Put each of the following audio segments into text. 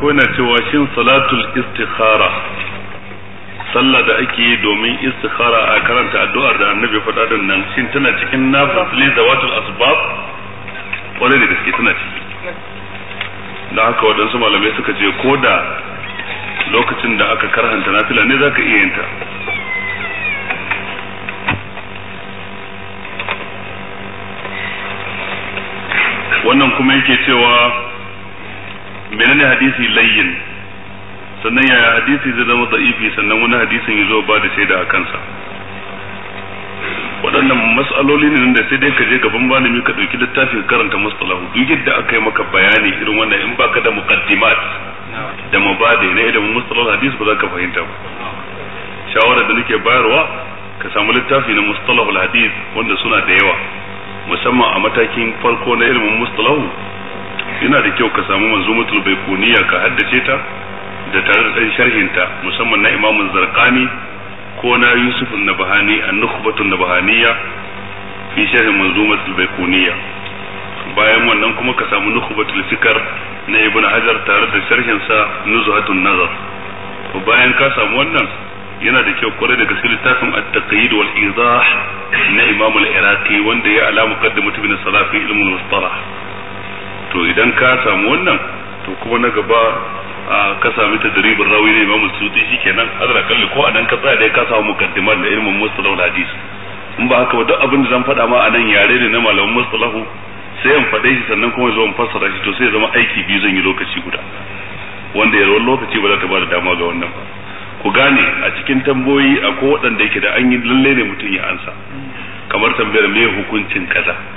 ko na cewa shin salatul istikhara sallah da ake yi domin istikhara a karanta addu'ar da annabi faɗa din nan shin tana cikin nafilin zawatul asbab kwarai da gaske tana ciki da haka waɗansu malamai suka ce ko da lokacin da aka karhanta nafila ne zaka iya yin ta wannan kuma yake cewa menene hadisi layyin sannan yaya hadisi zai zama da'ifi sannan wani hadisin ya zo ba da shaida a kansa waɗannan matsaloli ne da sai dai ka je gaban malami ka ɗauki littafin karanta matsalahu duk yadda aka yi maka bayani irin wannan in baka da muqaddimat da mabadi na ilimin matsalar hadis ba za ka fahimta ba shawarar da nake bayarwa ka samu littafi na mustalahul hadis wanda suna da yawa musamman a matakin farko na ilimin mustalahu yana da kyau ka samu manzumatul baikuniya ka haddace ta da tare da ɗan sharhinta musamman na imamun zarqani ko na yusuf nabahani an na bahaniya fi sharhin manzumatul baikuniya bayan wannan kuma ka samu nukhbatul fikar na ibn hajar tare da sharhin sa nuzhatun nazar bayan ka samu wannan yana da kyau kwarai da gaske littafin at-taqyid wal izah na imam al-iraqi wanda ya alama qaddamatu bin salafi ilmul mustalah to idan ka samu wannan to kuma na gaba ka sami ta daribin rawi ne imamu suti shikenan azra kalli ko anan ka tsaya da ka samu mukaddimar da ilmin mustalahul hadis in ba haka ba duk abin da zan faɗa ma anan yare ne na malamin mustalahu sai an faɗe shi sannan kuma zo in fassara shi to sai zama aiki biyu zan yi lokaci guda wanda yarwar lokaci ba za ta ba dama ga wannan ba ku gane a cikin tamboyi akwai waɗanda yake da an yi lalle ne mutum ya ansa kamar tambayar me hukuncin kaza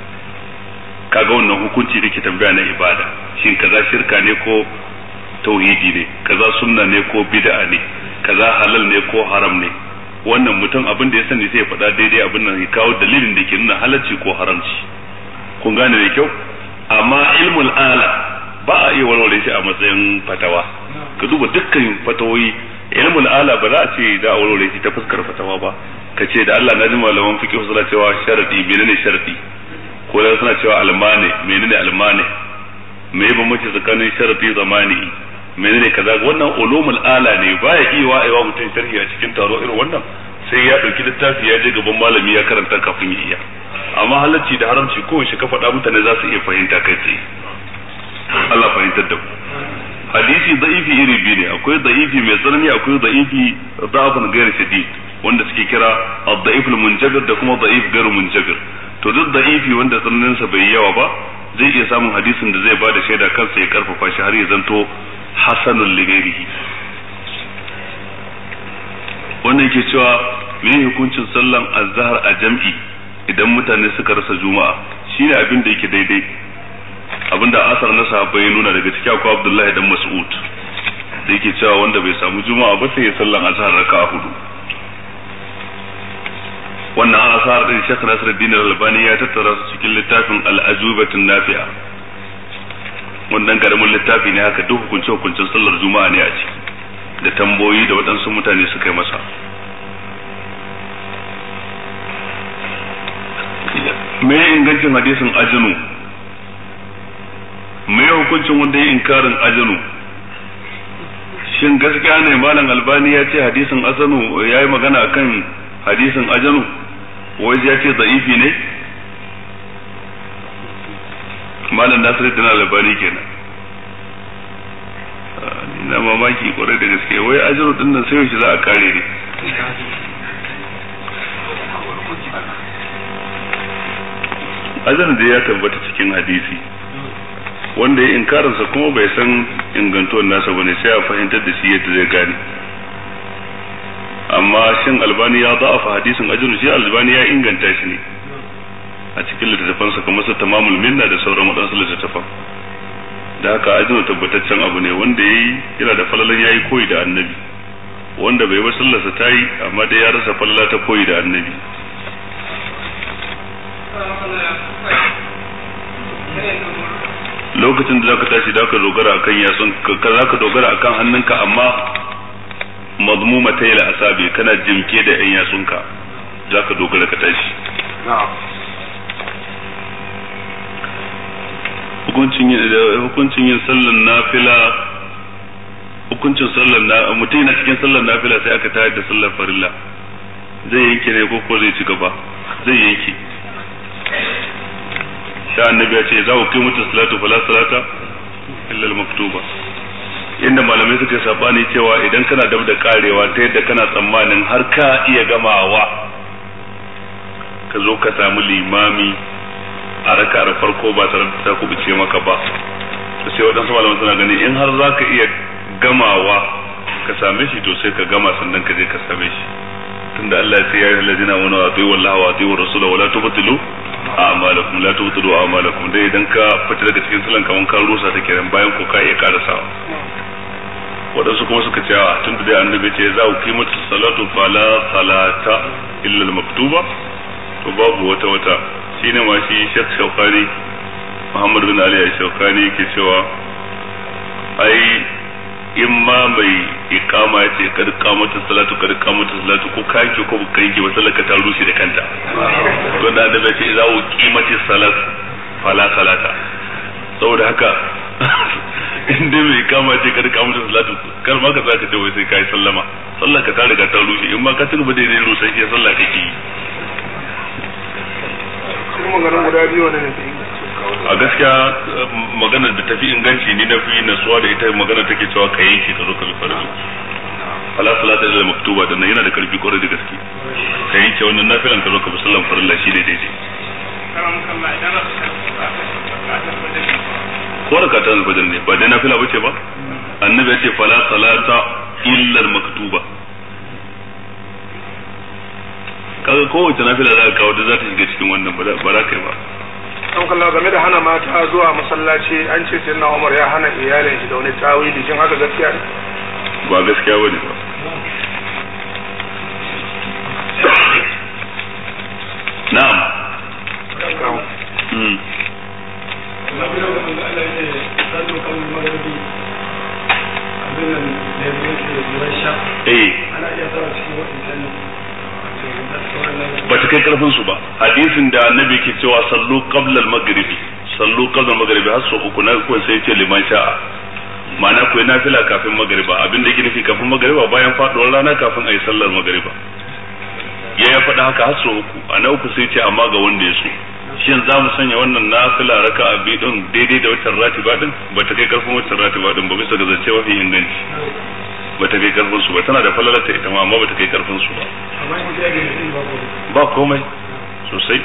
kaga wannan hukunci da ke tambaya na ibada shin kaza shirka ne ko tauhidi ne kaza sunna ne ko bid'a ne kaza halal ne ko haram ne wannan mutum abin da ya sani sai ya faɗa daidai abin nan ya kawo dalilin da ke nuna halalci ko haramci kun gane da kyau amma ilmul ala ba a iya warware shi a matsayin fatawa ka duba dukkan fatawoyi ilmul ala ba za a ce za a walwale shi ta fuskar fatawa ba ka ce da Allah na ji malaman fiqh suna cewa sharadi menene sharadi ko da suna cewa almani menene almani me ba bambanci tsakanin sharafi zamani menene kaza wannan ulumul ala ne baya iya aiwa mutum sharhi a cikin taro irin wannan sai ya dauki littafi ya je gaban malami ya karanta kafin ya iya amma halacci da haramci ko shi ka faɗa mutane za su iya fahimta kai tsaye Allah fahimtar da ku hadisi da'ifi iri biyu ne akwai da'ifi mai tsanani akwai da'ifi da'afun gairu shadid wanda suke kira ad-da'if al-munjabir da kuma da'if gairu munjabir to duk da'ifi wanda tsananinsa bai yi yawa ba zai iya samun hadisin da zai ba da shaida kansa ya karfafa shi har ya zanto hasanul lighairihi wannan ke cewa me hukuncin sallan azhar a jam'i idan mutane suka rasa juma'a shine abin da yake daidai abinda asar na sahabbai ya nuna daga cikin akwai Abdullahi dan Mas'ud da yake cewa wanda bai samu juma'a ba sai ya sallan azhar raka'a hudu wannan asar din Sheikh Nasiruddin Al-Albani ya tattara su cikin littafin Al-Ajubatun Nafi'a wannan karamin littafi ne haka duk hukunce hukuncin sallar juma'a ne a ciki da tamboyi da waɗansu mutane suka yi masa me ingancin hadisin ajinu me hukuncin wanda ya inkarin ajinu shin gaskiya ne malam albani ya ce hadisin azanu ya yi magana kan hadisin ajanu wai ya ce za'ifi ne malam nasiruddin albani kenan ah, ina mamaki kwarai da gaske wai ajiru din nan sai shi za a kare ne ajirin da ya tabbata cikin hadisi wanda ya inkarinsa kuma bai san ingantuwan nasa bane sai a fahimtar da shi yadda zai gane amma shin albani ya a hadisin ajinu shi albani ya inganta shi ne a cikin littattafan sa kamar su tamamul minna da sauran waɗansu littattafan da haka ajinu tabbataccen abu ne wanda yayi yana da falalan yayi koyi da annabi wanda bai ba sallarsa ta yi amma dai ya rasa falala ta koyi da annabi lokacin da zaka tashi da ka dogara akan yatsun ka zaka dogara akan hannunka amma mazmuma ta yi asabi kana jimke da yan yatsunka za ka dogara ka tashi hukuncin yin sallan nafila hukuncin sallan na mutum cikin sallan sai aka tayar da sallar farilla zai yanke ne ko ko zai ci gaba zai yanke sha'an annabi ya ce za ku kai mutum salatu fala salata illa al-maktuba inda malamai suka yi sabani cewa idan kana dab da karewa ta yadda kana tsammanin har ka iya gamawa ka zo ka samu limami a raka da farko ba tare da ta kubuce maka ba to sai wadansu malamai suna gani in har za ka iya gamawa ka same shi to sai ka gama sannan ka je ka same shi tunda Allah ya ce ya yi halazina wani wa tsayi wallahi wa tsayi wa rasula wala tubtilu a'malakum la tubtilu a'malakum dai idan ka fita daga cikin sallan kaman ka rusa take nan bayan ko ka iya karasawa waɗansu kuma suka ce ah, tun da dai annabi ce za ku kimanta salatu fala salata illa al-maktuba to babu wata wata shine ma shi Sheikh Shawkani Muhammad bin Ali Shawkani yake cewa ai in ma mai ikama ya ce kar kamata salatu kar kamata salatu ko ka ko ka ba salaka ta rushe da kanta to da annabi ce za ku kimanta salatu fala salata saboda haka in mai kama ce ka rika musu salatu kar ma ka zaka ce sai kai sallama sallar ka ta riga ta rushe in ma ka ci gaba da yin rusai ya sallah ka ki a gaskiya maganar da tafi inganci ni na fi nasuwa da ita magana take cewa ka yanke ka zo ka fara farzu ala salata da maktuba da yana da karfi kwarai da gaske ka yanke wannan nafilan ka zo ka bi farilla shi ne daidai ko rakatan alfajr ne ba dai nafila bace ba annabi yace fala salata illa maktuba kaga kowace nafila za ka kawo da za ta shiga cikin wannan ba za ka yi ba an kalla game da hana mata zuwa masallaci an ce sai na Umar ya hana iyalin shi da wani tawili shin haka gaskiya ne ba gaskiya bane ba kai karfin su ba hadisin da annabi ke cewa sallu qablal maghribi sallu qablal maghribi har sau na ko sai ce liman sha'a ma'ana ku nafila kafin maghriba abin da yake nufi kafin maghriba bayan faduwar rana kafin ayi sallar maghriba ya ya faɗa haka har sau uku a na uku sai ce amma ga wanda ya so shin za mu sanya wannan nafila raka a biyu din daidai da wacce ratiba din ba ta kai karfin wacce ratiba din ba bisa ga zance fi inganci ba ta kai karfin su ba tana da falalata ita ma amma ba ta kai karfin su ba ba komai sosai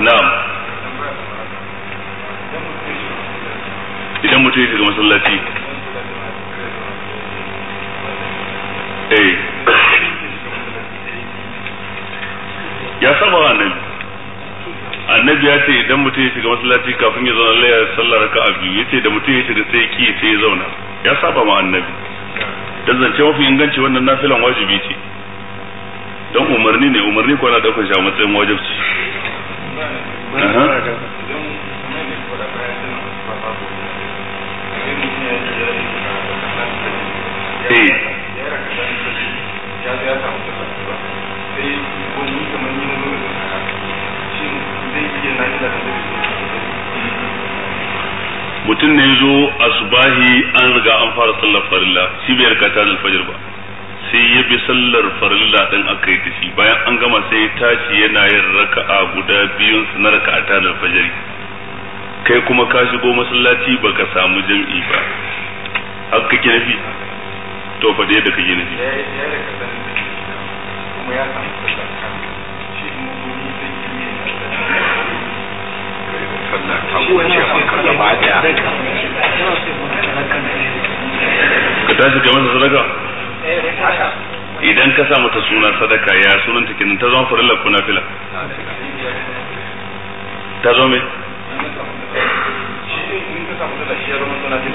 na'am idan mutum yake ga masallaci eh ya saba wa nan. annabi ya ce idan mutum ya shiga masallaci kafin ya zauna laya sallar a biyu yace da mutum ya shiga sai ki sai ya zauna ya saba ma annabi dan zance mafi inganci wannan nafilan wajibi ce dan umarni ne umarni ko na daukar shi a matsayin wajibi fara sallar farilla shi bai raka ta zal alfajir ba sai ya bi sallar farilla din aka yi tashi bayan an gama sai ya tashi yana yin raka'a guda biyun su na raka'a ta zal alfajiri kai kuma ka shigo masallaci baka samu jami'i ba har kake nafi to fa da kake nafi kuma ya samu sallar shi kuma sallah ta wuce maka gaba daya tashi kai masa sadaka eh, idan ka sa mata suna sadaka ya sunan take nan ta zama farilla ko nafila ta zo me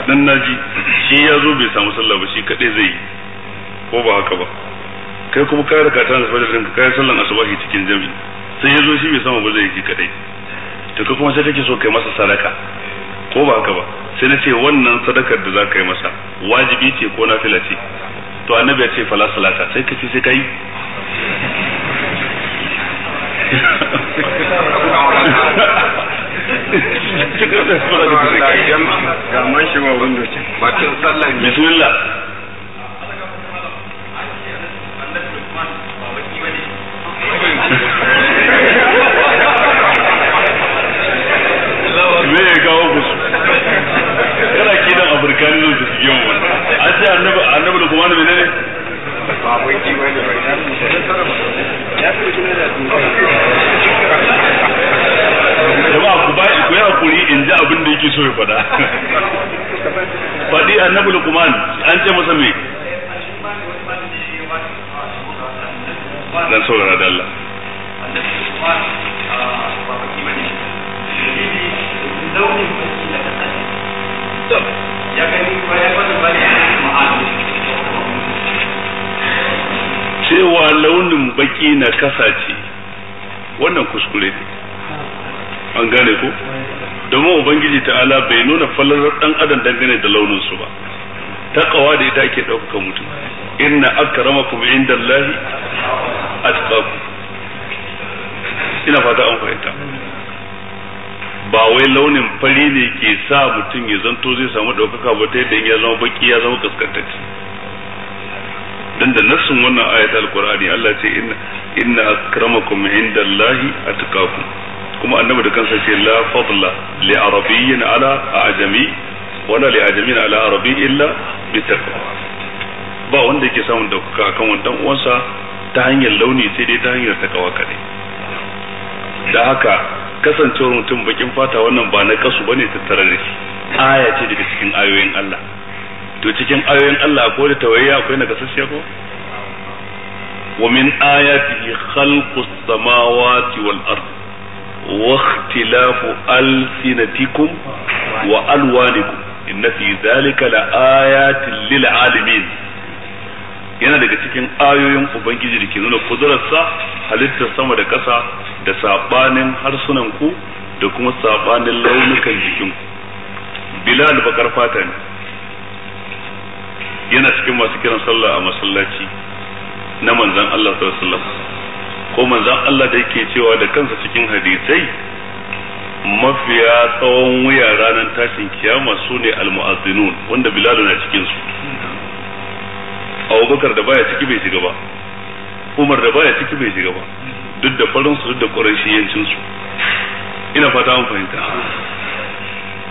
dan naji shi ya zo bai samu sallah ba shi kadai zai yi ko ba haka ba kai kuma ka raka ta nasu da ka kai sallan asubahi cikin jami'i sai ya zo shi bai samu ba zai yi kadai to kai kuma sai kake so kai masa sadaka ko ba haka ba sai na ce wannan sadakar da za ka yi masa wajibi ce ko na ce to annabi ya ce fala salata sai ka ce sai ka yi bismillah so ya faɗa faɗi annabi luqman an ce masa me dan saurara da Allah cewa launin baki na kasa ce wannan kuskure ne an gane ko domin ubangiji ta'ala bai nuna falalar dan adam dangane da launin su ba taqwa da ita ake dauka mutum inna akramakum indallahi atqakum ina fata an fahimta ba wai launin fari ne ke sa mutum ya zanto zai samu ɗaukaka ba ta yadda ya zama baki ya zama kaskantacce dan da nassin wannan ayatul qur'ani Allah ce inna inna akramakum indallahi atqakum kuma annabi da kansa ce la fadla li arabiyyin ala ajami wala li ajamin ala arabi illa bi ba wanda yake samun dauka kan wannan uwansa ta hanyar launi sai dai ta hanyar takawa kadai da haka kasancewar mutum bakin fata wannan ba na kasu bane tattare da shi aya ce daga cikin ayoyin Allah to cikin ayoyin Allah akwai da tawayya akwai na kasasshe ko ومن آياته خلق السماوات والأرض واختلاف ألسنتكم وألوانكم إن في ذلك لآيات للعالمين yana daga cikin ayoyin ubangiji da ke nuna kudurarsa halittar sama da ƙasa da sabanin ku da kuma saɓanin launukan jikinku bilal bakar fata ne yana cikin masu kiran sallah a masallaci na manzan Allah sallallahu alaihi wasallam ko manzan Allah da yake cewa da kansa cikin hadisai mafiya tsawon wuya ranar tashin kiyama su ne almu'azzinun wanda bilal na cikin su abubakar da baya ciki bai shiga ba umar da baya ciki bai shiga ba duk da farin su duk da ƙurashiyancin su ina fata an fahimta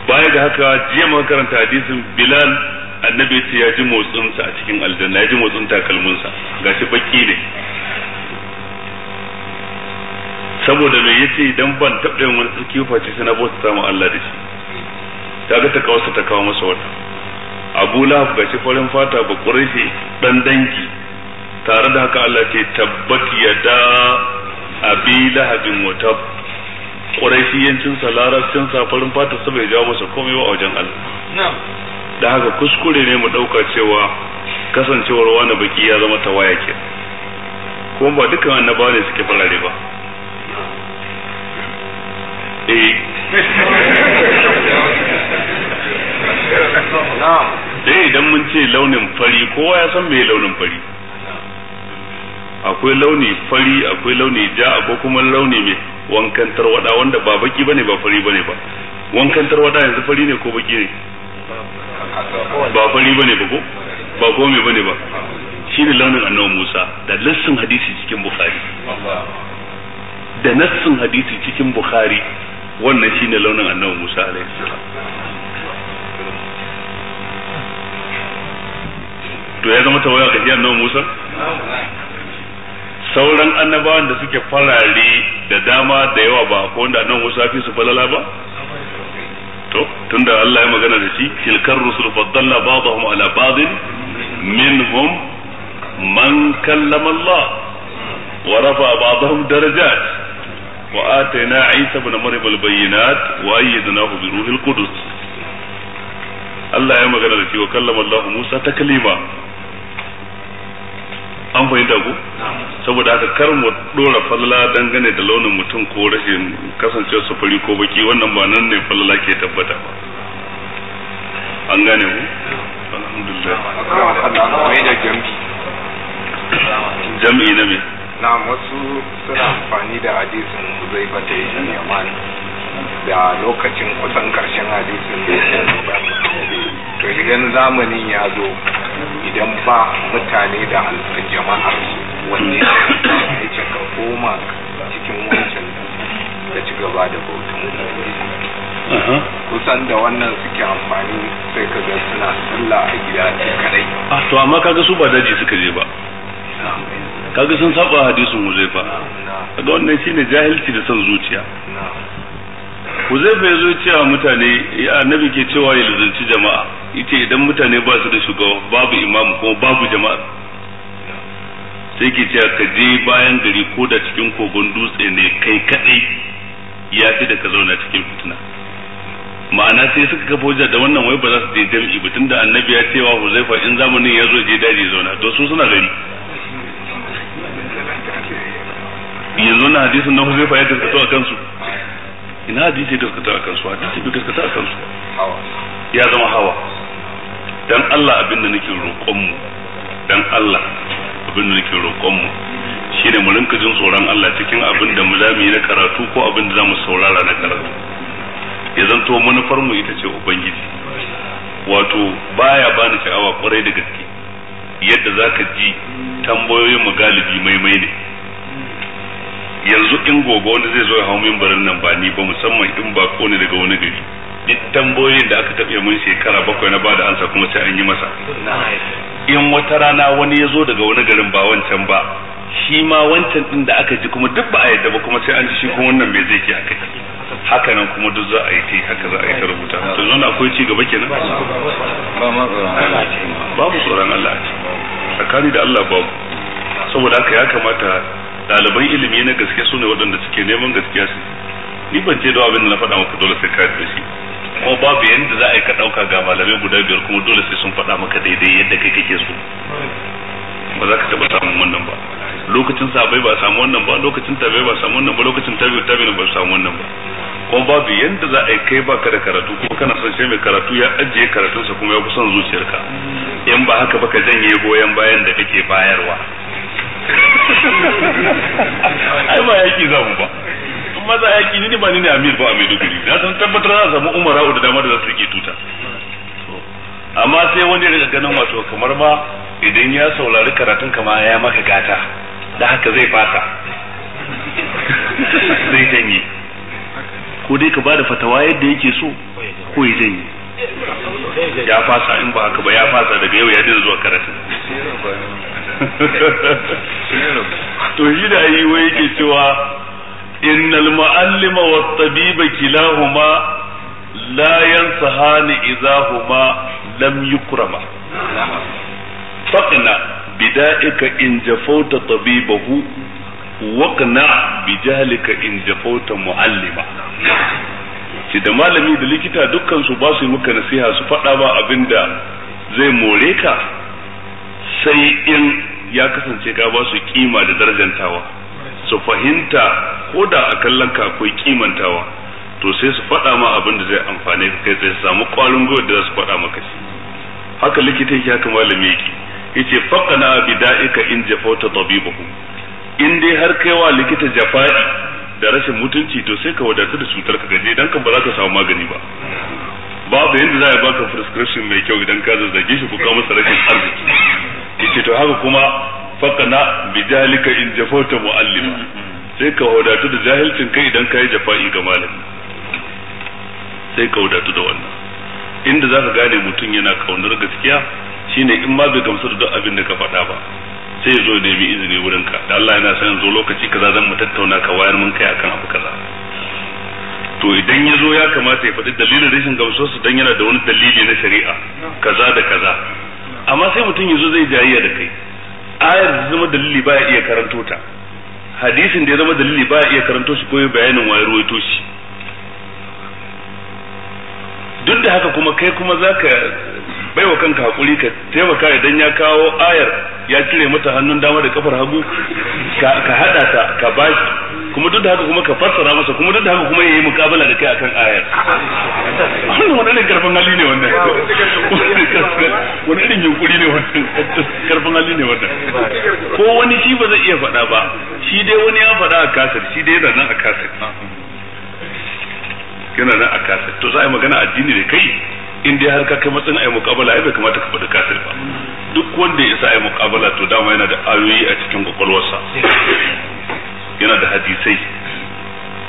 baya da haka jiya muka karanta hadisin bilal annabi ya ji motsinsa a cikin aljanna ya ji motsin takalminsa gashi baki ne saboda mai yace idan ban taɓa yin wani tsarki face sai na bauta samu Allah da shi ga ta kawo ta kawo masa wata Abu Lahab ga shi farin fata ba Quraishi dan dangi tare da haka Allah ce tabbat ya da abi lahabin wata tab Quraishi yancin farin fata saboda ya jawo masa komai wa a wajen Allah da haka kuskure ne mu ɗauka cewa kasancewar wani baki ya zama tawaya ke kuma ba dukkan annabawa ne suke farare ba eh dai idan mun ce launin fari kowa ya san me launin fari akwai launi fari akwai launi ja akwai kuma launi mai wankan wada wanda ba baki bane ba fari bane ba wankan wada yanzu fari ne ko baki ne ba fari bane ba ko ba ko mai bane ba shi ne launin annabi Musa da lissin hadisi cikin Bukhari da nassin hadisi cikin Bukhari wannan shine launin annabi Musa alaihi salam to ya zama tawaya ga annabi Musa sauran annabawan da suke farare da dama da yawa ba ko wanda annabi Musa fi su falala ba to tunda Allah ya magana da shi tilkar rusul faddalla ba'dahum ala ba'd minhum man kallama Allah wa rafa ba'dahum darajat وآتينا عيسى بن مريم البينات وأيدناه بروح القدس Allah ya magana da shi wa kallama Allah Musa an fahimta ku saboda haka kar mu dora falala dangane da launin mutum ko rashin kasancewar sufuri ko baki wannan ba nan ne falala ke tabbata ba an gane mu alhamdulillah jam'i na me na wasu suna amfani da hadisin zai bata yi da lokacin kusan karshen hadisin to idan zamanin ya zo idan ba mutane da jama'ar wanne ya ce ka koma cikin wancan da ci gaba da bautan kusan da wannan suke amfani sai ka ga suna sallah a gida kadai ah, to amma kaga su ba daji suka je ba kaga sun saba hadisin huzaifa kaga wannan shine jahilci da son zuciya huzaifa ya zo cewa mutane annabi ke cewa ya luzanci jama'a ita idan mutane ba su da shugaba babu imamu kuma babu jama'a sai ke cewa ka je bayan gari ko da cikin kogon dutse ne kai kadai ya fi da ka zauna cikin fitina ma'ana sai suka kafa hujja da wannan wai ba za su je jam'i ba tunda annabi ya cewa huzaifa in zamanin ya zo je daji zauna to su suna gari yanzu na hadisin na huzaifa ya gaskata a kansu ina hadisi ya gaskata a kansu hadisi bai gaskata a kansu ya zama hawa dan Allah abin da nake roƙon mu dan Allah abin da nake roƙon mu shine mu rinka jin tsoron Allah cikin abin da mu zamu yi na karatu ko abin da zamu saurara na karatu ya zanto manufar mu ita ce ubangiji wato baya bani sha'awa kwarai da gaske yadda zaka ji tambayoyin mu galibi maimai ne yanzu in gobe wanda zai zo ya hau mimbarin nan ba ni ba musamman in ba ne daga wani gari duk tambayoyin da aka taɓa mun shekara bakwai na bada ansa kuma sai an yi masa in wata rana wani ya zo daga wani garin ba wancan ba shi ma wancan din da aka ji kuma duk ba a yadda ba kuma sai an ji shi kuma wannan mai zai ke a kai haka nan kuma duk za a yi ta haka za a yi ta rubuta to na akwai ci gaba kenan babu tsoron Allah a tsakani da Allah babu saboda haka ya kamata ɗaliban ilimi na gaske su ne waɗanda suke neman gaskiya su ni ban ce da abin da na faɗa maka dole sai ka yarda shi ko babu yadda za a yi ka ɗauka ga malamai guda biyar kuma dole sai sun faɗa maka daidai yadda kai kake so ba za ka taɓa samun wannan ba lokacin sabai ba samu wannan ba lokacin tabai ba samu wannan ba lokacin tabi tabi ba samu wannan ba kuma babu yadda za a yi kai ka da karatu kuma kana son shi mai karatu ya ajiye karatunsa kuma ya fi son zuciyarka in ba haka ba ka janye goyon bayan da kake bayarwa ai ba yaki za mu ba in ma za yaki ni ba ni ne amir ba a maiduguri na san tabbatar za a samu umara da dama da za su rike tuta amma sai wani daga ganin wato kamar ma idan ya saurari karatun kama ya maka gata da haka zai fasa zai janye ko dai ka bada fatawa yadda yake so ko ya janye ya fasa in ba haka ba ya fasa daga yau ya dina zuwa karatun to shi da yi wai yake cewa innal mu'allima wat tabiba kilahuma la yansahani huma lam yukrama faqna bidaika in jafauta tabibahu waqna bijahlika in jafauta mu'allima ce da malami da likita dukkan su ba su yi maka nasiha su faɗa ba abinda zai more ka sai in ya kasance ka ba su kima da darajantawa su fahimta ko da a kallon ka akwai kimantawa to sai su faɗa ma abin da zai amfane ka kai tsaye su samu ƙwarin gwiwa da za su faɗa maka shi haka likita ya haka malami yake yace faqana da'ika in jafata tabibuhu in dai har kai wa likita jafa'i da rashin mutunci to sai ka wadatu da cutar ka gaje dan ka ba za ka samu magani ba babu yanda za a baka prescription mai kyau idan ka zazzage shi ko ka masa rashin arziki yace to haka kuma fakana bi jalika in jafauta muallima sai ka wadatu da jahilcin kai idan kai jafa'i ga malami sai ka wadatu da wannan inda zaka gane mutum yana kaunar gaskiya shine in ma bai gamsu da duk abin da ka faɗa ba sai ya zo ya nemi izini wurin ka da Allah yana san zo lokaci kaza zan mu tattauna ka wayar mun kai akan abu kaza to idan ya zo ya kamata ya faɗi dalilin rashin su dan yana da wani dalili na shari'a kaza da kaza amma sai mutum yazo zai jayayya da kai ayar da zama dalili baya iya karanto ta hadisin da ya zama dalili baya iya karanto shi ko bayanin waye ruwaito shi duk da haka kuma kai kuma za zaka baiwa kanka hakuri ka taimaka idan ya kawo ayar ya cire mata hannun dama da kafar hagu ka hada ta ka bashi kuma duk da haka kuma ka fassara masa kuma duk da haka kuma yayi mukabala da kai akan ayar wannan wani karfin hali ne wannan wani irin yunkuri ne wannan karfin hali ne wannan ko wani shi ba zai iya faɗa ba shi dai wani ya faɗa a kasar shi dai yana nan a kasar yana nan a kasar to za a yi magana addini da kai in dai har ka kai matsayin ayi mukabala ai bai kamata ka faɗi kasar ba duk wanda ya sa ayi mukabala to dama yana da ayoyi a cikin kwakwalwarsa yana da hadisai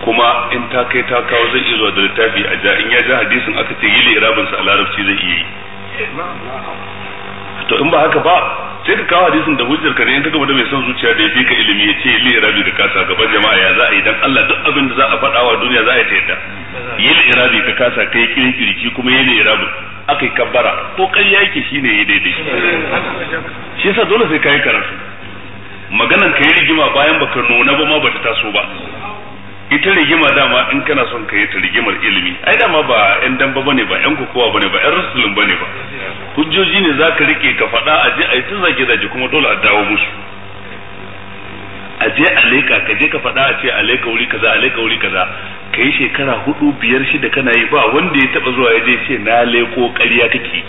kuma in ta kai ta kawo zai iya zuwa da littafi a ja in ya ja hadisin aka ce yi lirabin sa a larabci zai iya yi to in ba haka ba sai ka kawo hadisin da hujjar ka ne in ka gaba da mai son zuciya da ya fi ka ilimi ya ce yi lirabi ka kasa gaban jama'a ya za a yi dan Allah duk abin da za a faɗa wa duniya za a yi ta yadda yi lirabi ka kasa kai kirkirki kuma yi lirabin aka yi kabbara ko ƙarya yake shine ya daidai shi yasa dole sai ka yi karatu maganan ka yi rigima bayan baka nuna ba ma bata taso ba ita rigima dama in kana son ka yi ta rigimar ilimi ai dama ba yan damba bane ba yan kokowa bane ba yan rasulun bane ba hujjoji ne zaka rike ka faɗa a je a yi ta zage zage kuma dole a dawo musu a je a leka ka je ka faɗa a ce a leka wuri kaza a leka wuri kaza ka yi shekara hudu biyar shida kana yi ba wanda ya taba zuwa ya je ce na leko ƙarya kake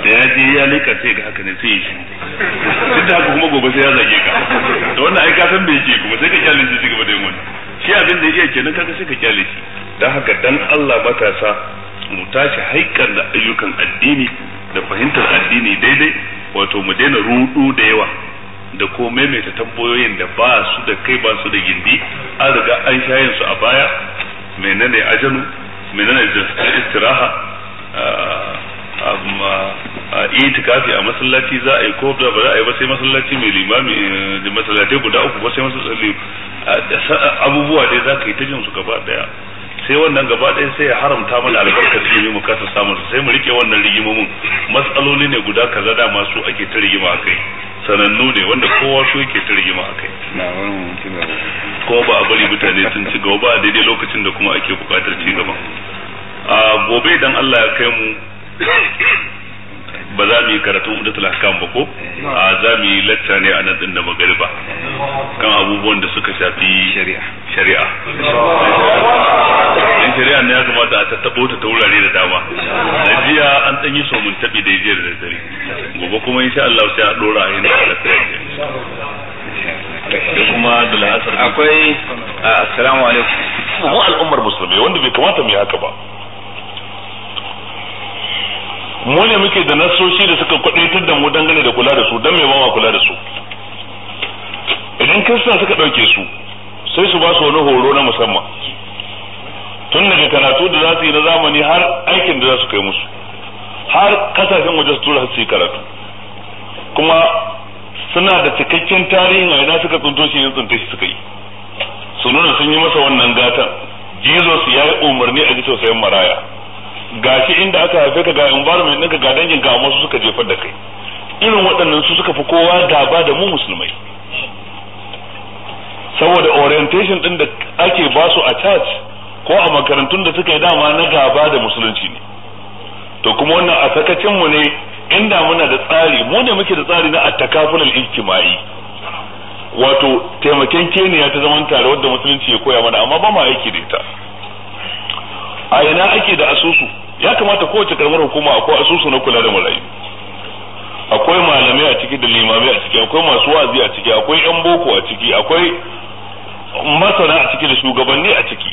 da ya je ya leka sai ga haka ne sai shi da haka kuma gobe sai ya zage ka da wannan ai ka san bai ji kuma sai ka kyale shi gaba da yin shi abin da yake kenan kaga sai ka kyale shi dan haka dan Allah matasa mu tashi haikan da ayyukan addini da fahimtar addini daidai wato mu daina rudu da yawa da ko maimaita tambayoyin da ba su da kai ba su da gindi an riga an shayin su a baya menene ajanu menene istiraha ah, amma a itikafi a masallaci za a yi ko da ba za a yi ba sai masallaci mai limami eh, da masallaci guda uku ba sai masallaci abubuwa dai za ka yi ta jin su gaba daya sai wannan gaba daya sai ya haramta mana albarkar ilimi yi muka samun su sai mu rike wannan rigimomin matsaloli ne guda kaza da masu ake ta rigima a kai sanannu ne wanda kowa su yake ta rigima a kai ko ba a bari mutane sun ci gaba ba a daidai lokacin da kuma ake bukatar ci gaba a gobe dan Allah ya kai mu ba za mu yi karatun udatul ahkam ba ko a za mu yi lacca ne a nan da magariba kan abubuwan da suka shafi shari'a in shari'a ne ya kamata a tattabo ta taurare da dama na jiya an dan yi somun tabi da jiya da dare gobe kuma insha Allah sai a dora a yana da da kuma da la'asar akwai assalamu alaikum mu al'ummar musulmi wanda bai kamata mu yi haka ba mu ne muke da nasoshi da suka kwadaitar da mu dangane da kula da su dan me ba kula da su idan kirista suka ɗauke su sai su ba su wani horo na musamman tun daga karatu da za su yi na zamani har aikin da za su kai musu har kasashen waje su tura su yi karatu kuma suna da cikakken tarihin a ina suka tsinto shi yin tsinta shi suka yi su nuna sun yi masa wannan gatan jesus ya yi umarni a ji tausayin maraya gashi inda aka haife ka ga environment ɗinka ga dangin ka amma su suka jefar da kai irin waɗannan su suka fi kowa gaba da mu musulmai saboda orientation din da ake ba su a church ko a makarantun da suka yi dama na gaba da musulunci ne to kuma wannan a sakacin mu ne inda muna da tsari mu ne muke da tsari na attakaful al-ijtimai wato taimakon keniya ta zaman tare wanda musulunci ya koya mana amma ba ma aiki da ita a yana ake da asusu ya kamata kowace karamar hukuma akwai asusu na kula da marayu akwai malamai a ciki da limami a ciki akwai masu wazi a ciki akwai yan boko a ciki akwai masana a ciki da shugabanni a ciki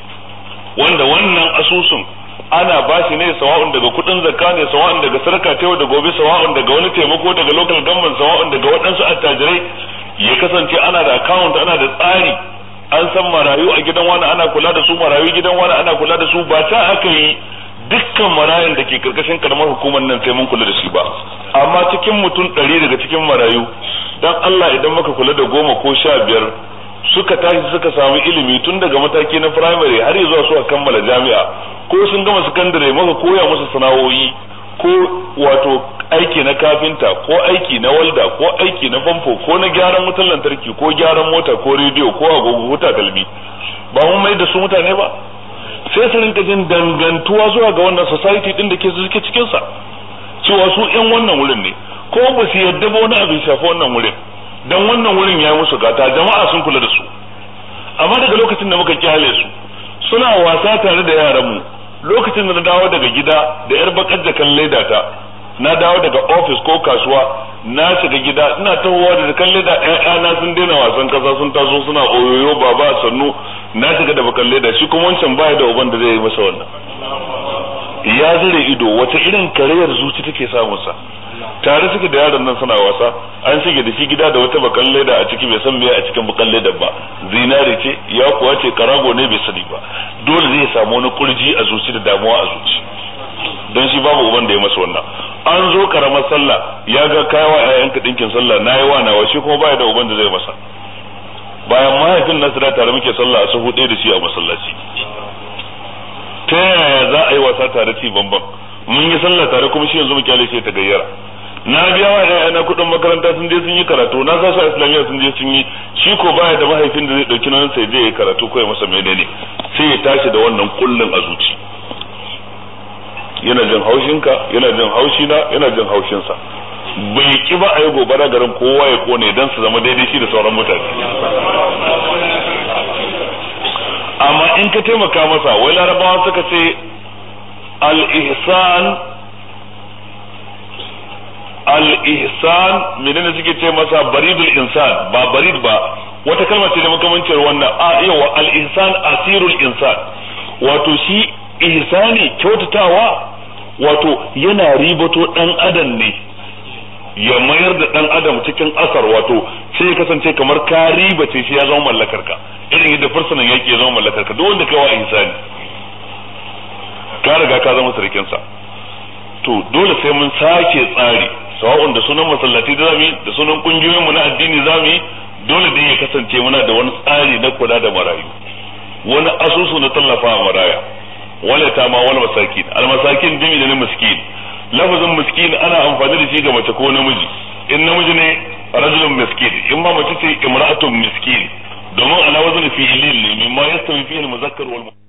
wanda wannan asusun ana ba shi ne sawa'un daga kudin zakka ne sawa'un daga sarka ta yau da gobe sawa'un daga wani taimako daga local government sawa'un daga waɗansu attajirai ya kasance ana da account ana da tsari an san marayu a gidan wani ana kula da su marayu gidan wani ana kula da su ba ta aka yi dukkan marayun da ke karkashin karamar hukumar nan sai mun kula da shi ba amma cikin mutum ɗari daga cikin marayu dan Allah idan muka kula da goma ko sha biyar suka tashi suka samu ilimi tun daga mataki na firamare har zuwa suka kammala jami'a ko sun gama sakandare muka koya musu sana'o'i ko wato aiki na kafinta ko aiki na walda ko aiki na famfo ko na gyaran wutar lantarki ko gyaran mota ko rediyo ko agogo ko takalmi ba mun mai da su mutane ba sai su rinka jin dangantuwa zuwa ga wannan society din da ke suke cikin sa cewa su ɗin wannan wurin ne ko ba su yadda ba wani abin shafi wannan wurin dan wannan wurin ya musu gata jama'a sun kula da su amma daga lokacin da muka kyale su suna wasa tare da yaranmu lokacin da na dawo daga gida da yar bakar kan leda ta na dawo daga ofis ko kasuwa na shiga gida ina tahowa da kan leda na sun daina wasan kasa sun taso suna oyoyo baba sannu na shiga da bakar leda shi kuma wancan baya da uban da zai yi masa wannan ya zure ido wata irin karayar zuci take samunsa sa tare suke da yaron nan suna wasa an shige da shi gida da wata bakan leda a ciki bai san meye a cikin bakan leda ba zinari ce ya kuwa ce karago ne bai sani ba dole zai samu wani kurji a zuci da damuwa a zuci don shi babu uban da ya masa wannan an zo karamar sallah ya ga kayawa 'ya'yanka dinkin sallah nayi wa nawa shi kuma baya da uban da zai masa bayan mahaifin nasu da tare muke sallah a sahu ɗaya da shi a masallaci ta yaya za a yi wasa tare ci bambam mun yi sallah tare kuma shi yanzu mu kyale shi ta gayyara na biya wa na kuɗin makaranta sun je sun yi karatu na sa su islamiyya sun je sun yi shi ko baya da mahaifin da zai ɗauki nan sai je ya karatu ko ya masa menene sai ya tashi da wannan kullun a zuci yana jin haushinka yana jin haushina yana jin haushinsa bai ki ba a yi gobara garin kowa ya kone don su zama daidai shi da sauran mutane amma in ka taimaka masa wai larabawa suka ce al-ihsan al-ihsan menene suke ce masa baridul insan ba barid ba wata kalma ce da makamancin wannan a yawa al-ihsan asirul insan wato shi ihsani kyautatawa wato yana ribato dan adam ne ya mayar da dan adam cikin asar wato sai ya kasance kamar ka ribace shi ya zama mallakar ka irin yadda fursunan yake ya zama mallakar ka duk wanda kai wa ihsani ka riga ka zama sarkin sa to dole sai mun sake tsari sawa'un da sunan masallaci da zamu da sunan kungiyoyin mu na addini zamu dole da ya kasance muna da wani tsari na kula da marayu wani asusu na tallafa wa maraya wala ta ma wal masakin al masakin jimi da miskin lafazin miskin ana amfani da shi ga mace ko namiji in namiji ne rajulun miskin in ma mace ce imra'atun miskin domin ala wazn fi'lin ne mimma yastawi fihi al muzakkar wal